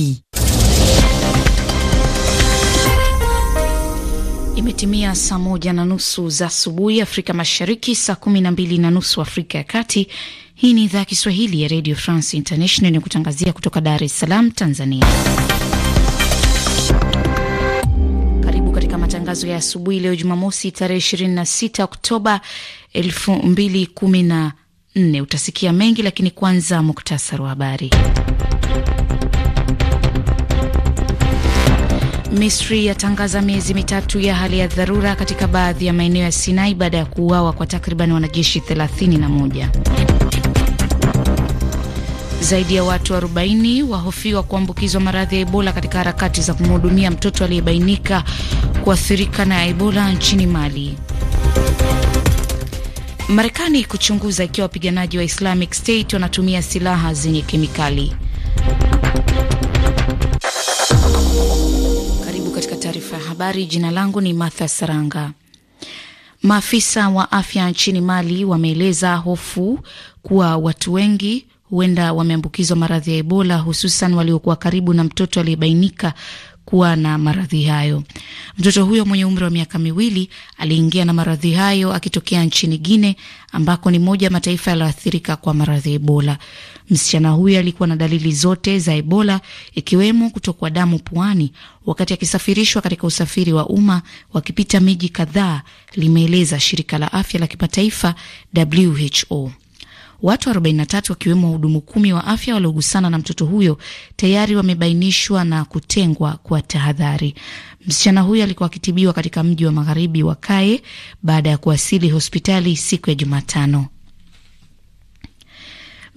RFI. Imetimia saa moja na nusu za asubuhi Afrika Mashariki, saa kumi na mbili na nusu Afrika ya Kati. Hii ni idhaa ya Kiswahili ya Radio France International inayokutangazia kutoka Dar es Salaam, Tanzania. Karibu katika matangazo ya asubuhi leo Jumamosi, tarehe 26 Oktoba 2014. Utasikia mengi, lakini kwanza muktasari wa habari. Misri yatangaza miezi mitatu ya hali ya dharura katika baadhi ya maeneo ya Sinai baada ya kuuawa kwa takriban wanajeshi 31. Zaidi ya watu 40 wahofiwa kuambukizwa maradhi ya Ebola katika harakati za kumhudumia mtoto aliyebainika kuathirika na Ebola nchini Mali. Marekani kuchunguza ikiwa wapiganaji wa Islamic State wanatumia silaha zenye kemikali. taarifa ya habari. Jina langu ni Martha Saranga. Maafisa wa afya nchini Mali wameeleza hofu kuwa watu wengi huenda wameambukizwa maradhi ya Ebola, hususan waliokuwa karibu na mtoto aliyebainika kuwa na maradhi hayo. Mtoto huyo mwenye umri wa miaka miwili aliingia na maradhi hayo akitokea nchini Guine ambako ni moja ya mataifa yaliyoathirika kwa maradhi ya Ebola. Msichana huyo alikuwa na dalili zote za Ebola ikiwemo kutokwa damu puani wakati akisafirishwa katika usafiri wa umma wakipita miji kadhaa, limeeleza shirika la afya la kimataifa WHO. Watu 43 wakiwemo wahudumu kumi wa afya waliogusana na mtoto huyo tayari wamebainishwa na kutengwa kwa tahadhari. Msichana huyo alikuwa akitibiwa katika mji wa magharibi wa Kae baada ya kuwasili hospitali siku ya Jumatano.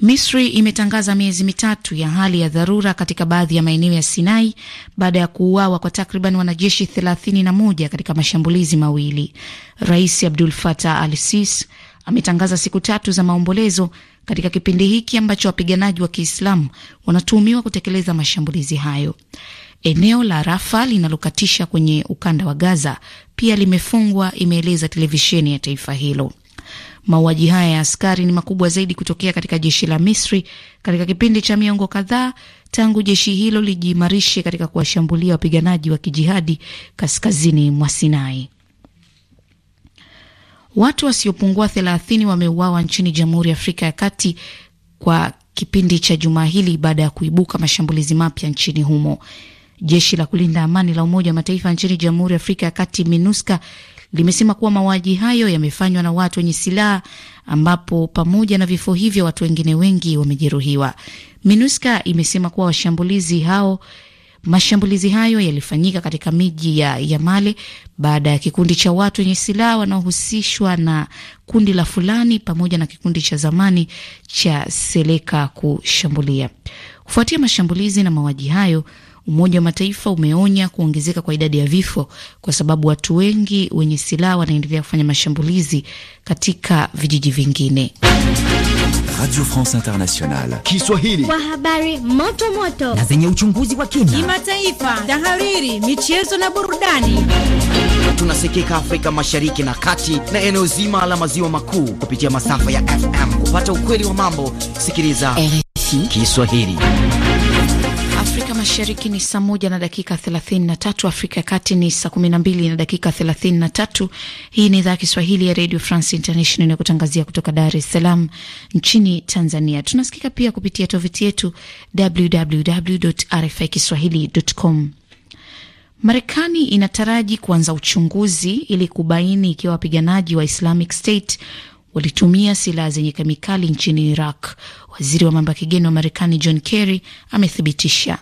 Misri imetangaza miezi mitatu ya hali ya dharura katika baadhi ya maeneo ya Sinai baada ya kuuawa kwa takriban wanajeshi 31 katika mashambulizi mawili. Rais Abdul Fatah al Sis ametangaza siku tatu za maombolezo katika kipindi hiki ambacho wapiganaji wa Kiislamu wanatuhumiwa kutekeleza mashambulizi hayo. Eneo la Rafa linalokatisha kwenye ukanda wa Gaza pia limefungwa, imeeleza televisheni ya taifa hilo. Mauaji haya ya askari ni makubwa zaidi kutokea katika jeshi la Misri katika kipindi cha miongo kadhaa tangu jeshi hilo lijiimarishe katika kuwashambulia wapiganaji wa kijihadi kaskazini mwa Sinai. Watu wasiopungua thelathini wameuawa nchini Jamhuri ya Afrika ya Kati kwa kipindi cha jumaa hili baada ya kuibuka mashambulizi mapya nchini humo. Jeshi la kulinda amani la Umoja wa Mataifa nchini Jamhuri ya Afrika ya Kati, MINUSCA, limesema kuwa mauaji hayo yamefanywa na watu wenye silaha, ambapo pamoja na vifo hivyo watu wengine wengi wamejeruhiwa. MINUSCA imesema kuwa washambulizi hao Mashambulizi hayo yalifanyika katika miji ya Yamale baada ya kikundi cha watu wenye silaha wanaohusishwa na kundi la Fulani pamoja na kikundi cha zamani cha Seleka kushambulia. Kufuatia mashambulizi na mauaji hayo Umoja wa Mataifa umeonya kuongezeka kwa idadi ya vifo kwa sababu watu wengi wenye silaha wanaendelea kufanya mashambulizi katika vijiji vingine. Radio France Internationale Kiswahili, kwa habari moto moto na zenye uchunguzi wa kina, kimataifa, tahariri, michezo na burudani. Tunasikika Afrika Mashariki na Kati na eneo zima la maziwa makuu kupitia masafa ya FM. Kupata ukweli wa mambo, sikiliza RFI Kiswahili. Mashariki ni saa moja na dakika thelathini na tatu. Afrika ya Kati ni saa kumi na mbili na dakika thelathini na tatu. Hii ni idhaa ya Kiswahili ya Radio France International inayokutangazia kutoka Dar es Salaam nchini Tanzania. Tunasikika pia kupitia tovuti yetu www rfi kiswahilicom. Marekani inataraji kuanza uchunguzi ili kubaini ikiwa wapiganaji wa Islamic State walitumia silaha zenye kemikali nchini Iraq. Waziri wa mambo ya kigeni wa Marekani John Kerry amethibitisha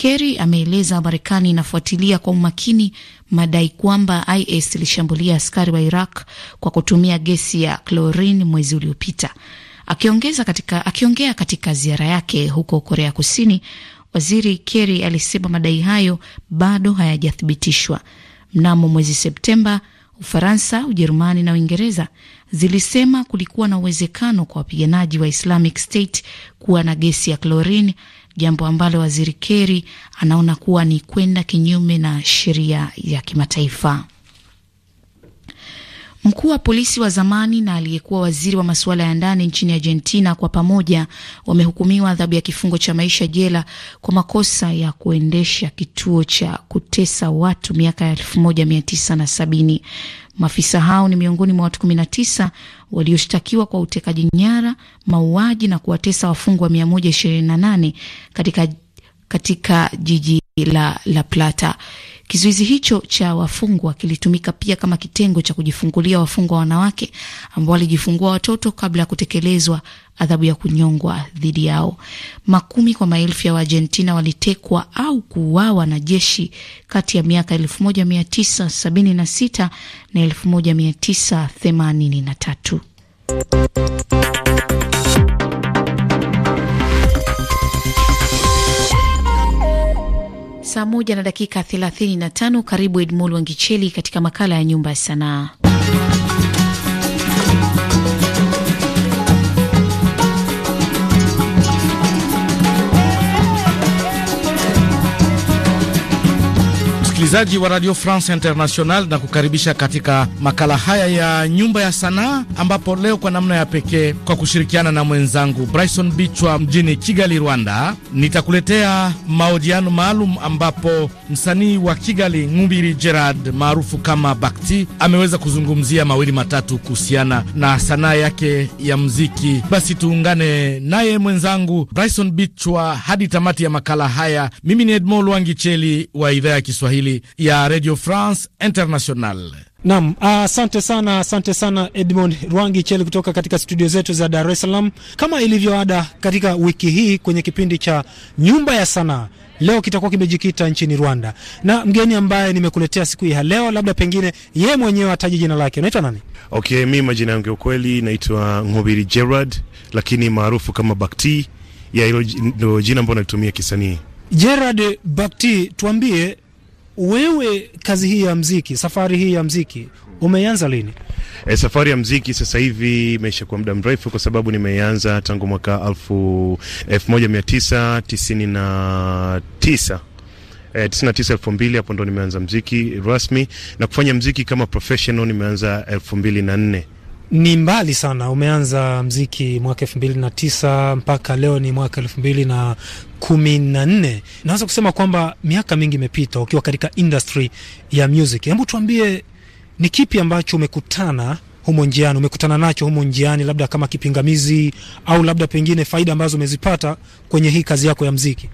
Kerry ameeleza Marekani inafuatilia kwa umakini madai kwamba IS ilishambulia askari wa Iraq kwa kutumia gesi ya clorin mwezi uliopita. Akiongeza katika, akiongea katika ziara yake huko Korea Kusini, Waziri Kerry alisema madai hayo bado hayajathibitishwa. Mnamo mwezi Septemba, Ufaransa, Ujerumani na Uingereza zilisema kulikuwa na uwezekano kwa wapiganaji wa Islamic State kuwa na gesi ya klorini jambo ambalo waziri Keri anaona kuwa ni kwenda kinyume na sheria ya kimataifa. Mkuu wa polisi wa zamani na aliyekuwa waziri wa masuala ya ndani nchini Argentina kwa pamoja wamehukumiwa adhabu ya kifungo cha maisha jela kwa makosa ya kuendesha kituo cha kutesa watu miaka ya sabini. Maafisa hao ni miongoni mwa watu 19 walioshtakiwa kwa utekaji nyara, mauaji na kuwatesa wafungwa 128 katika, katika jiji la La Plata. Kizuizi hicho cha wafungwa kilitumika pia kama kitengo cha kujifungulia wafungwa wanawake ambao walijifungua watoto kabla ya kutekelezwa adhabu ya kunyongwa dhidi yao. Makumi kwa maelfu ya Waargentina walitekwa au kuuawa na jeshi kati ya miaka 1976 na 1983. saa moja na dakika tano. Karibu Edmul Wangicheli katika makala ya Nyumba ya Sanaa. msikilizaji wa Radio France International na kukaribisha katika makala haya ya nyumba ya sanaa, ambapo leo kwa namna ya pekee kwa kushirikiana na mwenzangu Bryson Bichwa mjini Kigali, Rwanda, nitakuletea mahojiano maalum ambapo msanii wa Kigali Ngubiri Gerard maarufu kama Bakti ameweza kuzungumzia mawili matatu kuhusiana na sanaa yake ya mziki. Basi tuungane naye mwenzangu Bryson Bichwa hadi tamati ya makala haya. Mimi ni Edmond Lwangicheli wa idhaa ya Kiswahili Kiswahili ya Radio France International. Nam, asante uh, sana asante sana Edmond Rwangi Cheli kutoka katika studio zetu za Dar es Salaam. Kama ilivyoada katika wiki hii kwenye kipindi cha Nyumba ya Sanaa, leo kitakuwa kimejikita nchini Rwanda na mgeni ambaye nimekuletea siku hii leo, labda pengine yeye mwenyewe ataje jina lake. Unaitwa nani? Okay, mi majina yangu ya ukweli naitwa Ngobiri Gerard, lakini maarufu kama Bakti. Ya hilo ndio jina ambalo nalitumia kisanii. Gerard Bakti, tuambie wewe kazi hii ya mziki, safari hii ya mziki umeanza lini? E, safari ya mziki sasa hivi imeisha kwa muda mrefu, kwa sababu nimeanza tangu mwaka 1999 e, 99 hapo ndo nimeanza mziki rasmi na kufanya mziki kama professional nimeanza elfu ni mbali sana. Umeanza mziki mwaka elfu mbili na tisa mpaka leo ni mwaka elfu mbili na kumi na nne. Naweza kusema kwamba miaka mingi imepita ukiwa katika industry ya music. Hebu tuambie ni kipi ambacho umekutana humo njiani, umekutana nacho humo njiani, labda kama kipingamizi au labda pengine faida ambazo umezipata kwenye hii kazi yako ya mziki?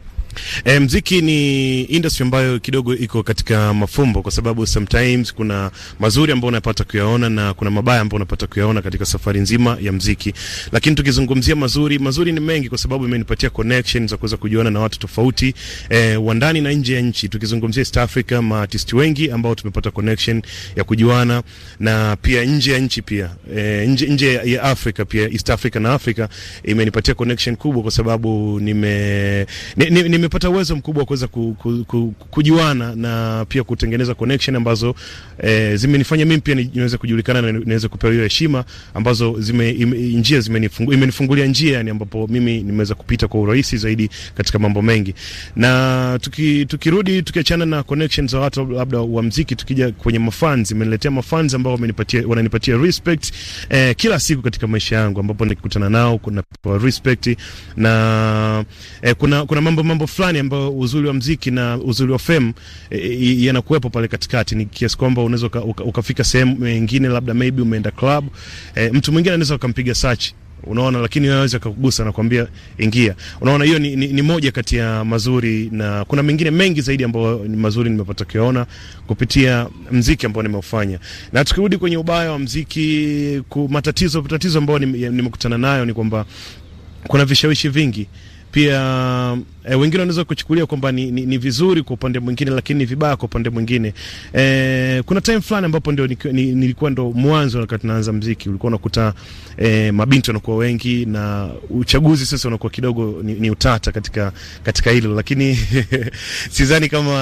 E, mziki ni industry ambayo kidogo iko katika mafumbo, kwa sababu sometimes kuna mazuri ambayo unapata kuyaona na kuna mabaya ambayo unapata kuyaona katika safari nzima ya mziki. Lakini tukizungumzia mazuri, mazuri ni mengi, kwa sababu imenipatia connection za kuweza kujiona na watu tofauti e, wa ndani na nje ya nchi. Tukizungumzia East Africa, maartist wengi ambao tumepata connection ya kujuana na pia nje ya nchi pia e, nje, nje ya Africa pia East Africa na Africa imenipatia connection kubwa, kwa sababu nime, nime, nime nimepata uwezo mkubwa wa kuweza ku, ku, ku, kujuana na pia kutengeneza connection ambazo e, zimenifanya mimi pia niweze kujulikana na niweze kupewa hiyo heshima ambazo zime, im, njia zimenifungu, imenifungulia njia yani, ambapo mimi nimeweza kupita kwa urahisi zaidi katika mambo mengi. Na tuki, tukirudi tukiachana na connections za watu labda wa muziki, tukija kwenye mafans, imeniletea mafans ambao wamenipatia wananipatia respect e, kila siku katika maisha yangu ambapo nikikutana nao kuna respect na e, kuna kuna mambo mambo fulani ambayo uzuri wa mziki na uzuri wa fame e, yanakuwepo pale katikati, ni kiasi kwamba unaweza uka, ukafika sehemu nyingine, labda maybe umeenda club e, mtu mwingine anaweza ukampiga search unaona lakini unaweza kukugusa na kuambia ingia. Unaona, hiyo ni, ni, ni moja kati ya mazuri, na kuna mengine mengi zaidi ambayo ni mazuri nimepata kuona kupitia mziki ambao nimeufanya. Na tukirudi kwenye ubaya wa mziki, matatizo matatizo ambayo nimekutana nayo ni kwamba kuna vishawishi vingi pia E, wengine wanaweza kuchukulia kwamba ni, ni, ni vizuri kwa upande mwingine, lakini ni vibaya kwa upande mwingine. E, kuna time fulani ambapo ndio nilikuwa ndo mwanzo wakati tunaanza mziki, ulikuwa unakuta e, mabinti wanakuwa wengi na uchaguzi sasa unakuwa kidogo ni, ni utata katika katika hilo, lakini sidhani kama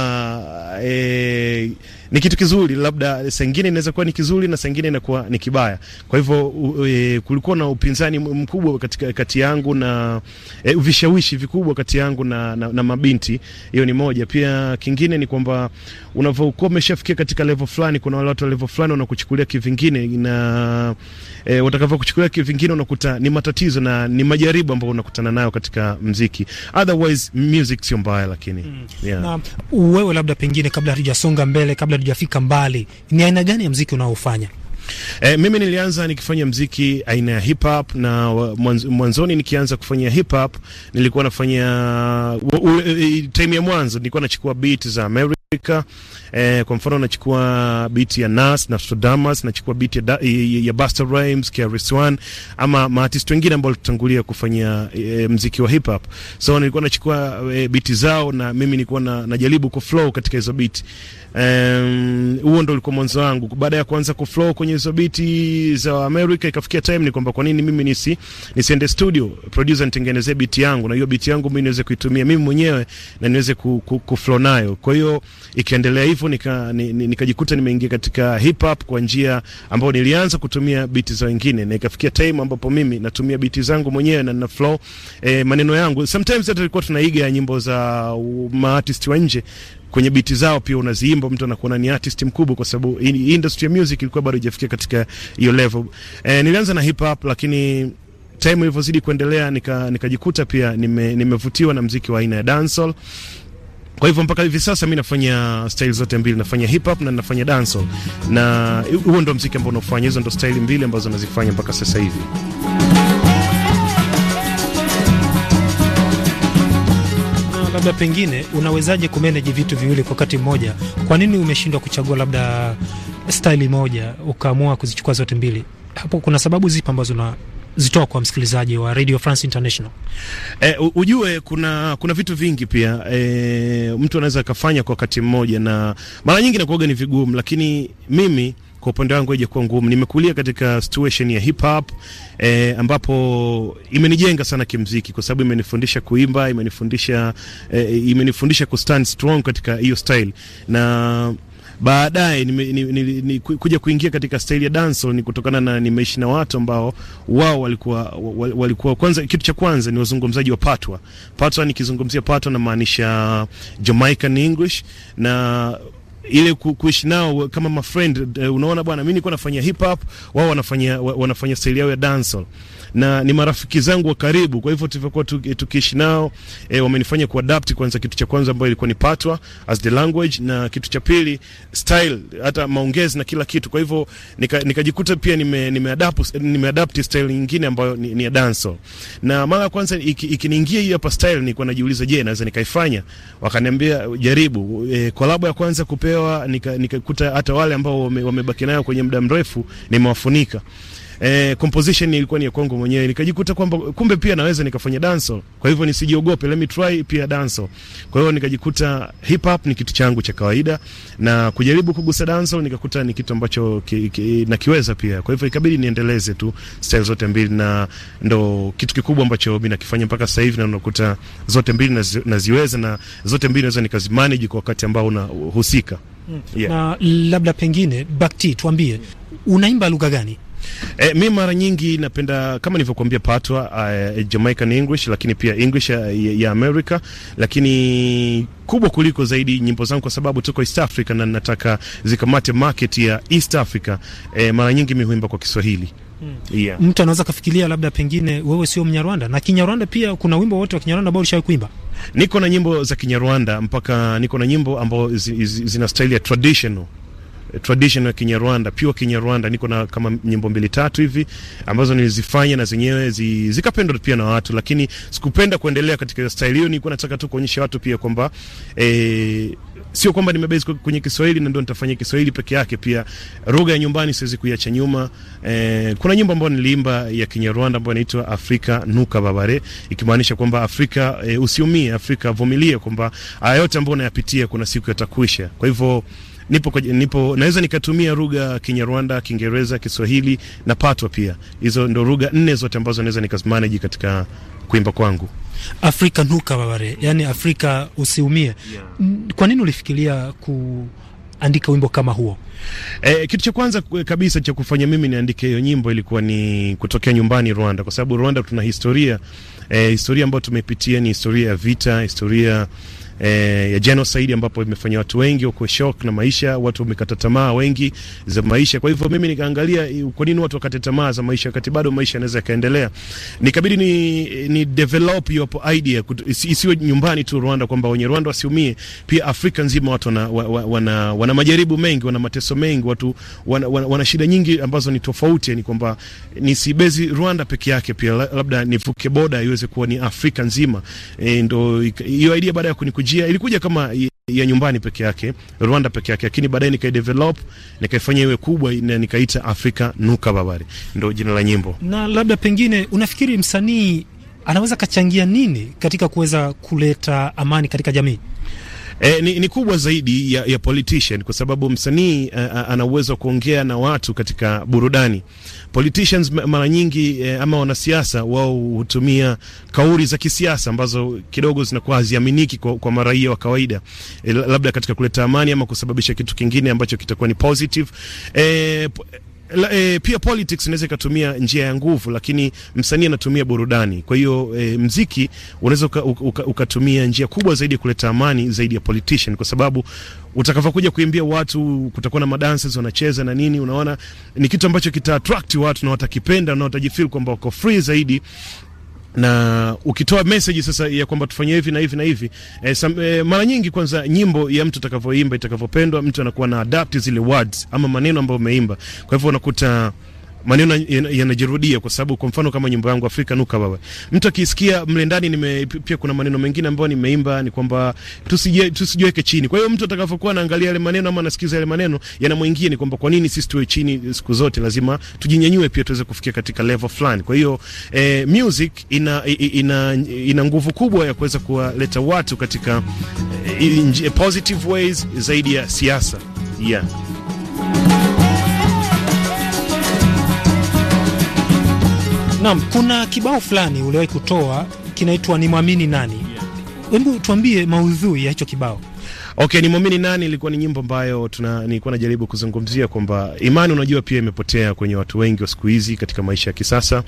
e, ni kitu kizuri, labda sengine inaweza kuwa ni kizuri na sengine inakuwa ni kibaya. Kwa hivyo e, kulikuwa na upinzani mkubwa katika kati yangu na e, vishawishi vikubwa kati yangu na na, na, na mabinti. Hiyo ni moja. Pia kingine ni kwamba unavyokuwa umeshafikia katika level fulani, kuna wale watu wa level fulani wanakuchukulia kivingine na e, watakavyokuchukulia kivingine unakuta ni matatizo na ni majaribu ambayo unakutana nayo katika mziki. Otherwise music sio mbaya, lakini mm. yeah. Na wewe labda pengine, kabla hatujasonga mbele, kabla hatujafika mbali, ni aina gani ya mziki unaofanya? E, mimi nilianza nikifanya mziki aina ya hip hop na mwanzoni nikianza kufanya hip hop nilikuwa nafanya eh, time ya mwanzo nilikuwa nachukua beat za America eh, kwa mfano nachukua beat ya Nas na Sodamas, nachukua beat ya, da, ya, ya Busta Rhymes, KRS One ama maartist wengine ambao tutangulia kufanya e, mziki wa hip hop. So nilikuwa nachukua e, beat zao na mimi nilikuwa na, najaribu ku flow katika hizo beat eh, huo ndo ulikuwa mwanzo wangu. Baada ya kuanza ku flow kwenye hizo biti za America, ikafikia time ni kwamba kwa nini mimi nisi nisiende studio producer nitengenezee biti yangu, na hiyo biti yangu mimi niweze kuitumia mimi mwenyewe na niweze ku, ku, ku flow nayo. Kwa hiyo ikaendelea hivyo hivyo nikajikuta nika, nimeingia katika hip hop kwa njia ambayo nilianza kutumia biti za wengine, na ikafikia time ambapo mimi natumia biti zangu mwenyewe na na flow e, maneno yangu. Sometimes hata tulikuwa tunaiga nyimbo za uh, maartist wa nje kwenye biti zao pia unaziimba, mtu anakuona ni artist mkubwa, kwa sababu in, industry ya music ilikuwa bado haijafikia katika hiyo level. E, nilianza na hip hop lakini time ilivyozidi kuendelea nikajikuta nika pia nimevutiwa nime na mziki wa aina ya dancehall kwa hivyo mpaka hivi sasa mi nafanya style zote mbili, nafanya hip hop na nafanya dancehall, na huo ndo mziki ambao naufanya. Hizo ndo style mbili ambazo nazifanya mpaka sasa hivi. Labda pengine unawezaje kumanage vitu viwili kwa wakati mmoja? Kwa nini umeshindwa kuchagua labda staili moja ukaamua kuzichukua zote mbili? Hapo kuna sababu zipi ambazo na zitoa kwa msikilizaji wa Radio France International? E, ujue kuna kuna vitu vingi pia e, mtu anaweza akafanya kwa wakati mmoja, na mara nyingi nakuaga ni vigumu, lakini mimi kwa upande wangu haijakuwa ngumu. Nimekulia katika situation ya hip hop e, ambapo imenijenga sana kimziki, kwa sababu imenifundisha kuimba, imenifundisha e, imenifundisha kustand strong katika hiyo style na baadaye kuja kuingia katika staili ya dancehall ni kutokana na nimeishi na watu ambao wao walikuwa walikuwa, kwanza, kitu cha kwanza ni wazungumzaji wa patwa. Patwa, nikizungumzia patwa na maanisha Jamaican English na ile kuishi nao kama my friend. Eh, unaona bwana, mimi nilikuwa nafanya hip hop, wao wanafanya wanafanya staili yao ya dancehall na ni marafiki zangu wa karibu, kwa hivyo tulivyokuwa tukiishi nao e, wamenifanya kuadapt kwanza, kitu cha kwanza ambayo ilikuwa ni patwa as the language, na kitu cha pili style, hata maongezi na kila kitu. Kwa hivyo nikajikuta nika pia nime nimeadapt nimeadapt style nyingine ambayo ni, ni ya danso, na mara ya kwanza ikiniingia iki hii hapa style, nilikuwa najiuliza, je, naweza nikaifanya? Wakaniambia jaribu. E, eh, kolabo ya kwanza kupewa nikakuta nika hata wale ambao wamebaki wame nayo kwenye muda mrefu nimewafunika eh, composition ilikuwa ni ya kwangu mwenyewe, nikajikuta kwamba kumbe pia naweza nikafanya danso, kwa hivyo nisijiogope, let me try pia danso. Kwa hivyo nikajikuta hip hop ni kitu changu cha kawaida, na kujaribu kugusa danso nikakuta ni kitu ambacho ki, ki, nakiweza pia, kwa hivyo ikabidi niendeleze tu style zote mbili, na ndo kitu kikubwa ambacho mimi nakifanya mpaka sasa hivi, na unakuta zote mbili naziweza na, zote mbili naweza nikazimanage kwa wakati ambao unahusika. Hmm. Yeah. Na labda pengine Bakti, tuambie unaimba lugha gani? E, mi mara nyingi napenda kama nilivyokuambia patwa, uh, eh, Jamaican English lakini pia English ya, ya America lakini kubwa kuliko zaidi nyimbo zangu kwa sababu tuko East Africa na nataka zikamate market ya East Africa. E, mara nyingi mi huimba kwa Kiswahili. Hmm. Yeah. Mtu anaweza kafikiria labda pengine wewe sio Mnyarwanda na Kinyarwanda pia kuna wimbo wote wa Kinyarwanda ambao ulishawahi kuimba? Niko na nyimbo za Kinyarwanda mpaka niko na nyimbo ambazo zina style ya traditional Eh, traditional Kinyarwanda, pure Kinyarwanda. Niko na kama nyimbo mbili tatu hivi ambazo nilizifanya na zenyewe zi, zikapendwa pia na watu, lakini sikupenda kuendelea katika style hiyo. Nilikuwa nataka tu kuonyesha watu pia kwamba eh, sio kwamba nimebase kwenye Kiswahili na ndio nitafanya Kiswahili peke yake. Pia lugha ya nyumbani siwezi kuiacha nyuma. E, kuna nyimbo ambayo niliimba ya Kinyarwanda ambayo inaitwa Afrika Nuka Babare, ikimaanisha kwamba Afrika e, usiumie, Afrika vumilie, kwamba haya yote ambayo unayapitia kuna siku yatakwisha. Kwa hivyo nipo kwa, nipo naweza nikatumia lugha Kinyarwanda, Kiingereza, Kiswahili na patwa pia. Hizo ndo lugha nne zote ambazo naweza nikamanage katika kuimba kwangu. Afrika nuka babare, yani Afrika usiumie, yeah. Mm, kwa nini ulifikiria ku andika wimbo kama huo? E, kitu cha kwanza kabisa cha kufanya mimi niandike hiyo nyimbo ilikuwa ni kutokea nyumbani Rwanda, kwa sababu Rwanda tuna historia e, historia ambayo tumepitia ni historia ya vita, historia eh, ya genocide ambapo imefanya watu wengi wako shock na maisha, watu wamekata tamaa wengi za maisha. Kwa hivyo mimi nikaangalia eh, kwa nini watu wakate tamaa za maisha wakati bado maisha yanaweza yakaendelea. Nikabidi ni, ni develop hiyo idea isiwe nyumbani tu Rwanda, kwamba wenye Rwanda wasiumie, pia Afrika nzima watu wana, wana, wana, wana majaribu mengi, wana mateso mengi, watu wana, wana, wana shida nyingi ambazo ni tofauti, ni kwamba nisibezi Rwanda peke yake, pia labda nivuke boda iweze kuwa ni Afrika nzima. E, ndo hiyo idea baada ya kuniku ilikujia ilikuja kama ya nyumbani peke yake Rwanda peke yake, lakini baadaye nikaidevelop nikaifanya iwe kubwa na nikaita Afrika Nuka Babari, ndio jina la nyimbo. Na labda pengine unafikiri msanii anaweza kachangia nini katika kuweza kuleta amani katika jamii? E, ni, ni kubwa zaidi ya, ya politician kwa sababu msanii eh, ana uwezo wa kuongea na watu katika burudani. Politicians mara nyingi e, ama wanasiasa wao hutumia kauli za kisiasa ambazo kidogo zinakuwa haziaminiki kwa, kwa maraia wa kawaida e, labda katika kuleta amani ama kusababisha kitu kingine ambacho kitakuwa ni positive. E, la, e, pia politics inaweza ikatumia njia ya nguvu, lakini msanii anatumia burudani. Kwa hiyo e, mziki unaweza ukatumia uka, ukatumia njia kubwa zaidi ya kuleta amani zaidi ya politician, kwa sababu utakavyokuja kuimbia watu, kutakuwa na madances wanacheza na nini, unaona ni kitu ambacho kita attract watu na watakipenda na watajifeel kwamba wako free zaidi na ukitoa message sasa ya kwamba tufanye hivi na hivi na hivi e, sam, e, mara nyingi kwanza nyimbo ya mtu atakavyoimba itakavyopendwa, mtu anakuwa na adapt zile words ama maneno ambayo umeimba, kwa hivyo unakuta maneno yanajirudia, yana, kwa sababu kwa mfano kama nyimbo yangu Afrika nuka wewe, mtu akisikia mle ndani nime, pia kuna maneno mengine ambayo nimeimba ni kwamba tusije tusijiweke chini. Kwa hiyo mtu atakapokuwa anaangalia yale maneno ama anasikiza yale maneno yanamwingia, ni kwamba kwa nini sisi tuwe chini siku zote? Lazima tujinyanyue pia tuweze kufikia katika level fulani. Kwa hiyo eh, music ina ina, ina ina nguvu kubwa ya kuweza kuwaleta watu katika eh, in, positive ways zaidi ya siasa yeah. Naam, kuna kibao fulani uliwahi kutoa kinaitwa ni mwamini nani? Hebu tuambie maudhui ya hicho kibao. Okay, ni muamini nani ilikuwa ni nyimbo ambayo tuna nilikuwa najaribu kuzungumzia kwamba imani, unajua, pia imepotea kwenye watu wengi wa siku hizi katika maisha ya kisasa.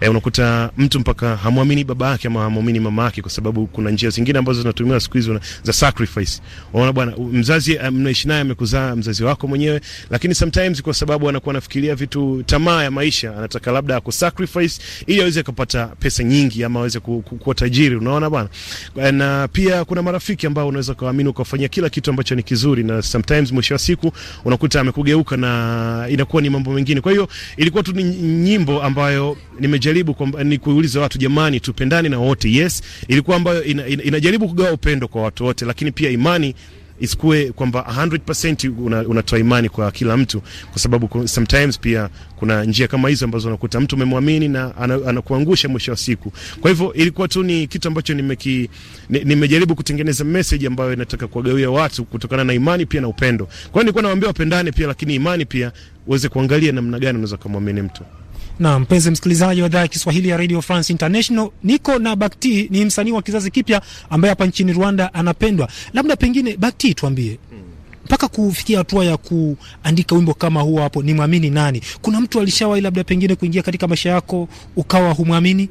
E, unakuta mtu mpaka hamwamini baba yake ama hamwamini mama yake, kwa sababu kuna njia zingine ambazo zinatumiwa siku hizi za sacrifice. Unaona bwana, mzazi eh, mnaishi naye amekuzaa mzazi wako mwenyewe, lakini sometimes kwa sababu anakuwa anafikiria vitu, tamaa ya maisha, anataka labda ku sacrifice ili aweze kupata pesa nyingi ama aweze kuwa tajiri. Unaona bwana, e, na pia kuna marafiki ambao unaweza kuamini ukafanyia kila kitu ambacho ni kizuri, na sometimes mwisho wa siku unakuta amekugeuka na inakuwa ni mambo mengine. Kwa hiyo ilikuwa tu ni nyimbo ambayo nimejaribu kwa, ni kuuliza watu, jamani, tupendane na wote. Yes, ilikuwa ambayo ina, ina, inajaribu kugawa upendo kwa watu wote, lakini pia imani isikuwe kwamba 100% una, unatoa imani kwa kila mtu, kwa sababu sometimes pia kuna njia kama hizo ambazo unakuta mtu umemwamini na anakuangusha ana mwisho wa siku. Kwa hivyo ilikuwa tu ni kitu ambacho nimeki nimejaribu kutengeneza message ambayo inataka kuwagawia watu kutokana na imani pia na upendo. Kwa hiyo nilikuwa nawaambia wapendane pia, lakini imani pia uweze kuangalia namna gani unaweza kumwamini mtu. Na mpenzi msikilizaji wa idhaa ya Kiswahili ya Radio France International, niko na Bakti, ni msanii wa kizazi kipya ambaye hapa nchini Rwanda anapendwa. Labda pengine, Bakti, tuambie mpaka kufikia hatua ya kuandika wimbo kama huo, hapo ni mwamini nani? Kuna mtu alishawahi labda pengine kuingia katika maisha yako ukawa humwamini?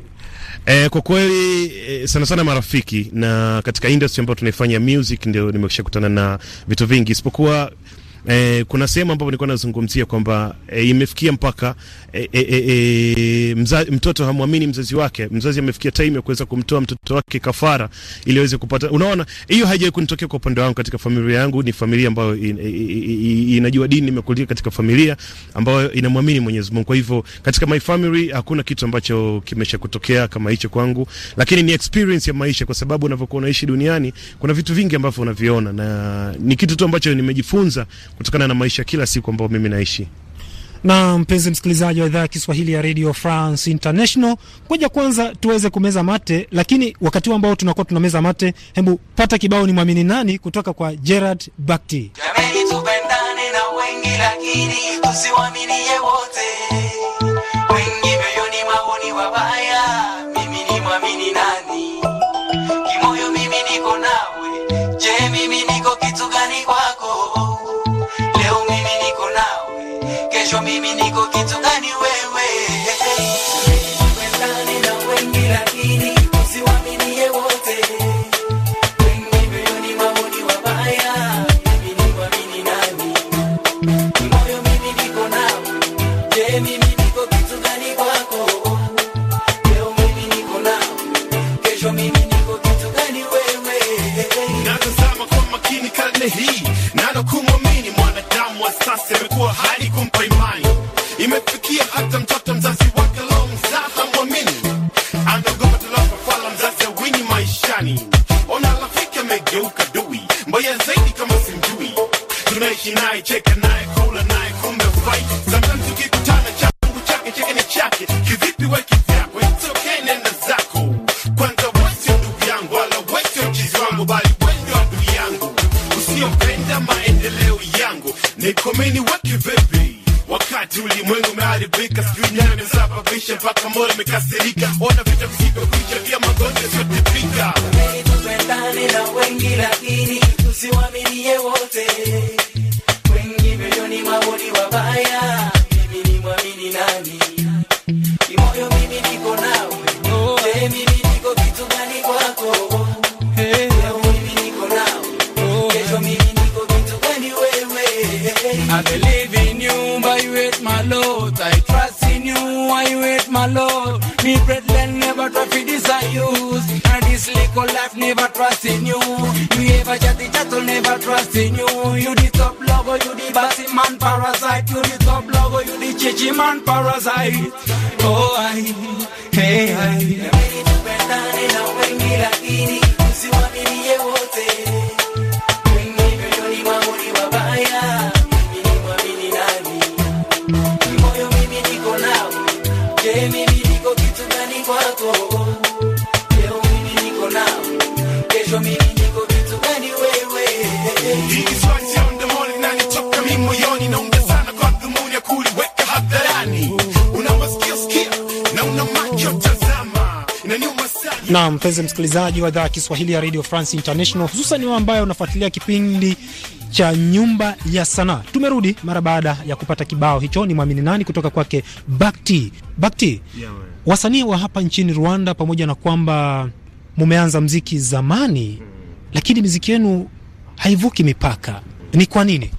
E, kwa kweli eh, sana sana marafiki na katika industry ambayo tunaifanya music ndio nimeshakutana na vitu vingi, isipokuwa E, kuna sehemu ambapo nilikuwa nazungumzia kwamba e, imefikia mpaka e, e, e, mza, mtoto hamwamini mzazi wake. Mzazi amefikia time ya kuweza kumtoa mtoto wake kafara ili aweze kupata. Unaona, hiyo haijawahi kunitokea kwa upande wangu. Katika familia yangu ni familia ambayo in, in, in, inajua dini. Nimekulia katika familia ambayo inamwamini Mwenyezi Mungu, kwa hivyo katika my family hakuna kitu ambacho kimesha kutokea kama hicho kwangu, lakini ni experience ya maisha, kwa sababu unavyokuwa unaishi duniani kuna vitu vingi ambavyo unaviona na ni kitu tu ambacho nimejifunza kutokana na maisha kila siku ambayo mimi naishi. Na mpenzi msikilizaji wa idhaa ya Kiswahili ya Radio France International, ngoja kwanza tuweze kumeza mate, lakini wakati ambao tunakuwa tunameza mate, hebu pata kibao ni mwamini nani kutoka kwa Gerard Bakti. Jamani, tupendane na wengi, lakini tusiwaaminie wote kesho mimi niko kitu gani we lishe mpaka moyo umekasirika, ona vita visivyokuja vya magonjwa yasiyotibika. Tupendane na wengi, lakini tusiwaaminie wote trust in you. You ever just the chattel, never trust in you. You the top logo, you the bossy man parasite. You the top logo, you the chichi man parasite. Oh, I, hey, I. Lakini usiwaminie wote wengi vioni mwauri wabaya Jamie, niko kitu gani kwako? mpenzi msikilizaji wa idhaa ya Kiswahili ya Radio France International, hususan wewe ambaye unafuatilia kipindi cha nyumba ya sanaa. Tumerudi mara baada ya kupata kibao hicho, ni mwamini nani kutoka kwake Bakti. Bakti, yeah, wasanii wa hapa nchini Rwanda, pamoja na kwamba mumeanza mziki zamani, mm. lakini miziki yenu haivuki mipaka, ni kwa nini?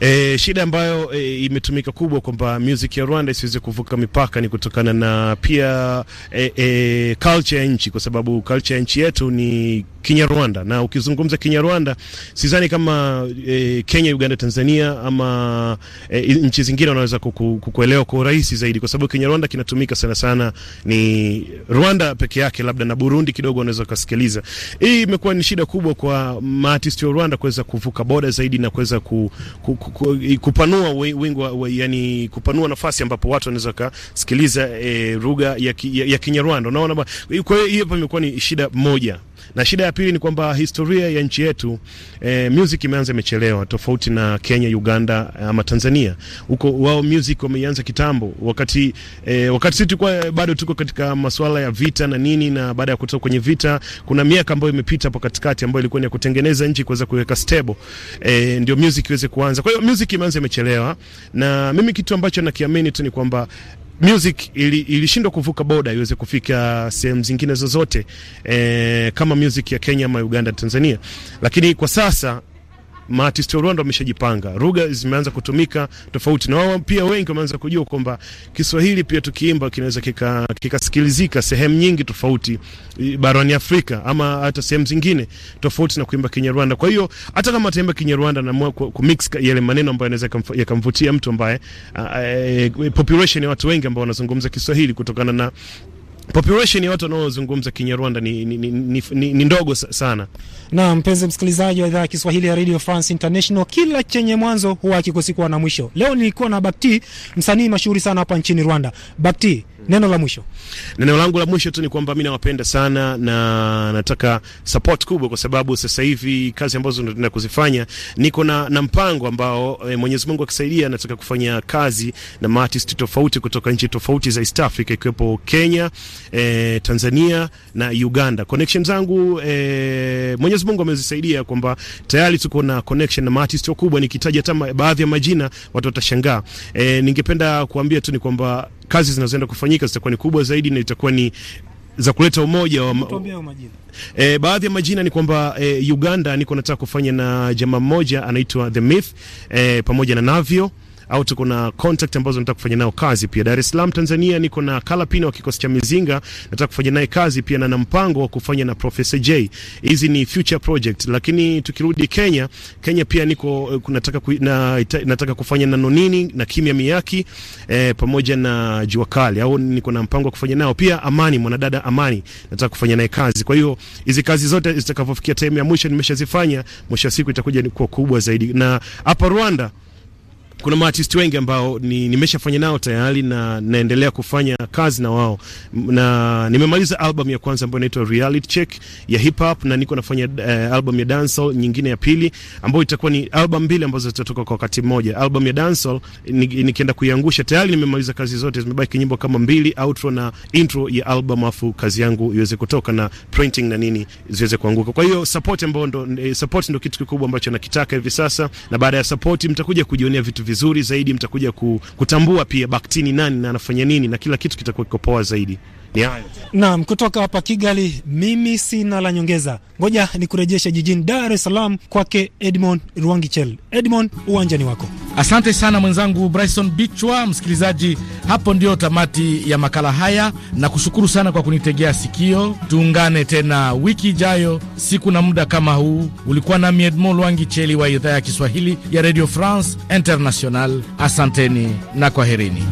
E, shida ambayo e, imetumika kubwa kwamba music ya Rwanda isiweze kuvuka mipaka ni kutokana na pia e, e, culture ya nchi, kwa sababu culture ya nchi yetu ni Kinyarwanda, na ukizungumza Kinyarwanda sidhani kama e, Kenya, Uganda, Tanzania ama e, nchi zingine wanaweza kuku, kukuelewa kwa urahisi zaidi, kwa sababu Kinyarwanda kinatumika sana sana ni Rwanda peke yake, labda na Burundi kidogo wanaweza kusikiliza. Hii imekuwa ni shida kubwa kwa maartisti wa Rwanda kuweza kuvuka boda zaidi na kuweza ku, ku, ku, ku, kupanua wingo, yani kupanua nafasi ambapo watu wanaweza kusikiliza e, eh, lugha ya, ya, ya Kinyarwanda. Unaona, kwa hiyo hapa imekuwa ni shida moja. Na shida ya pili ni kwamba historia ya nchi yetu e, music imeanza imechelewa, tofauti na Kenya, Uganda eh, ama Tanzania. Huko wao music wameanza kitambo, wakati e, wakati sisi tulikuwa bado tuko katika masuala ya vita na nini, na baada ya kutoka kwenye vita kuna miaka ambayo imepita hapo katikati ambayo ilikuwa ni ya kutengeneza nchi kuweza kuweka stable, e, ndio music iweze kuanza. Kwa hiyo music imeanza imechelewa, na mimi kitu ambacho nakiamini tu ni kwamba music ilishindwa ili kuvuka boda iweze kufika sehemu zingine zozote, e, kama music ya Kenya ama Uganda, Tanzania, lakini kwa sasa maartisti wa Rwanda wameshajipanga, lugha zimeanza kutumika tofauti, na wao pia wengi wameanza kujua kwamba Kiswahili pia tukiimba kinaweza kikasikilizika kika sehemu nyingi tofauti e, barani Afrika ama hata sehemu zingine tofauti na kuimba Kinyarwanda. Kwa hiyo hata kama ataimba Kinyarwanda na kumix yale maneno ambayo yanaweza yakamvutia mtu ambaye population ya watu wengi ambao wanazungumza Kiswahili kutokana na population ya watu wanaozungumza Kinyarwanda ni, ni, ni, ni, ni ndogo sana. Na mpenzi msikilizaji wa idhaa ya Kiswahili ya Radio France International, kila chenye mwanzo huwa kikosi kuwa na mwisho. Leo nilikuwa na Bakti, msanii mashuhuri sana hapa nchini Rwanda. Bakti Neno la mwisho, neno langu la mwisho tu ni kwamba mimi nawapenda sana na nataka support kubwa, kwa sababu sasa hivi kazi ambazo tunaenda kuzifanya, niko na, na mpango ambao e, Mwenyezi Mungu akisaidia, nataka kufanya kazi na artist tofauti kutoka nchi tofauti za East Africa, ikiwepo Kenya, e, Tanzania na Uganda. Connection zangu e, Mwenyezi Mungu amezisaidia kwamba tayari tuko na connection na artist wakubwa. Nikitaja hata baadhi ya majina watu watashangaa. E, ningependa kuambia tu ni kwamba kazi zinazoenda kufanya zitafanyika zitakuwa ni kubwa zaidi na itakuwa ni za kuleta umoja wa ma... E, baadhi ya majina ni kwamba e, Uganda niko nataka kufanya na jamaa mmoja anaitwa The Myth e, pamoja na Navio au tuko na contact ambazo nataka kufanya nao kazi pia. Dar es Salaam Tanzania, niko na Kalapina wa kikosi cha Mizinga, nataka kufanya naye kazi pia na na mpango wa kufanya na Professor J. Hizi ni future project, lakini tukirudi Kenya, Kenya pia niko eh, nataka ku, na, ita, nataka kufanya na Nonini na Kimya Miyaki eh, pamoja na Jua Kali au niko na mpango wa kufanya nao pia. Amani mwanadada Amani nataka kufanya naye kazi. Kwa hiyo hizi kazi zote zitakapofikia time ya mwisho, nimeshazifanya mwisho wa siku itakuja ni kuwa kubwa zaidi. Na hapa Rwanda kuna maartisti wengi ambao ni, nimeshafanya nao tayari na naendelea kufanya kazi na wao, na nimemaliza album ya kwanza ambayo inaitwa Reality Check ya hip hop, na niko nafanya uh, album ya dancehall nyingine ya pili, ambayo itakuwa ni album mbili ambazo zitatoka kwa wakati mmoja. Album ya dancehall nikienda ni kuiangusha tayari, nimemaliza kazi zote, zimebaki nyimbo kama mbili, outro na intro ya album, afu kazi yangu iweze kutoka na printing na nini ziweze kuanguka. Kwa hiyo support, ambao ndo eh, support ndo kitu kikubwa ambacho nakitaka hivi sasa, na baada ya support mtakuja kujionea vitu vizuri zaidi, mtakuja kutambua pia bakti ni nani na anafanya nini, na kila kitu kitakuwa kiko poa zaidi. Ni hayo naam, kutoka hapa Kigali, mimi sina la nyongeza. Ngoja ni kurejesha jijini Dar es Salaam kwake Edmond Rwangichel. Edmond, uwanjani wako. Asante sana mwenzangu Bryson Bichwa. Msikilizaji, hapo ndio tamati ya makala haya, na kushukuru sana kwa kunitegea sikio. Tuungane tena wiki ijayo, siku na muda kama huu. Ulikuwa nami Edmond Rwangicheli wa idhaa ya Kiswahili ya Radio France International. Asanteni na kwaherini.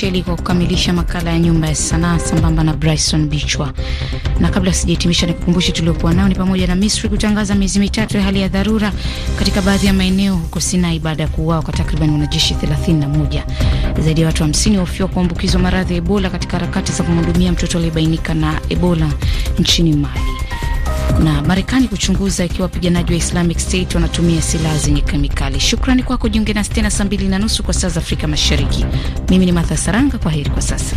Cheli kwa kukamilisha makala ya nyumba ya sanaa sambamba na Bryson Bichwa. Na kabla sijahitimisha, nikukumbushe tuliokuwa nao ni pamoja na Misri kutangaza miezi mitatu ya hali ya dharura katika baadhi ya maeneo huko Sinai baada ya kuuawa kwa takriban wanajeshi 31. Zaidi ya watu 50 wahofiwa kuambukizwa maradhi ya Ebola katika harakati za kumhudumia mtoto aliyebainika na Ebola nchini Mali na Marekani kuchunguza ikiwa wapiganaji wa Islamic State wanatumia silaha zenye kemikali. Shukrani kwako, jiunge nasi tena saa mbili na nusu kwa saa za Afrika Mashariki. Mimi ni Martha Saranga, kwa heri kwa sasa.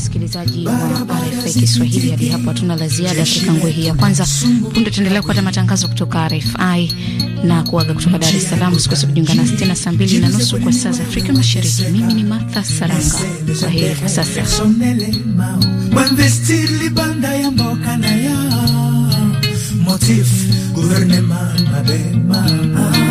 msikilizaji wa RFI Kiswahili. Hadi hapo hatuna la ziada katika ngwe hii ya kwanza. Punde tuendelea kupata matangazo kutoka RFI na kuaga kutoka Dar es Salaam. Usikose kujiunga nasi tena saa mbili na nusu kwa saa za Afrika Mashariki. Mimi ni Martha Saranga, kwa heri kwa sasa.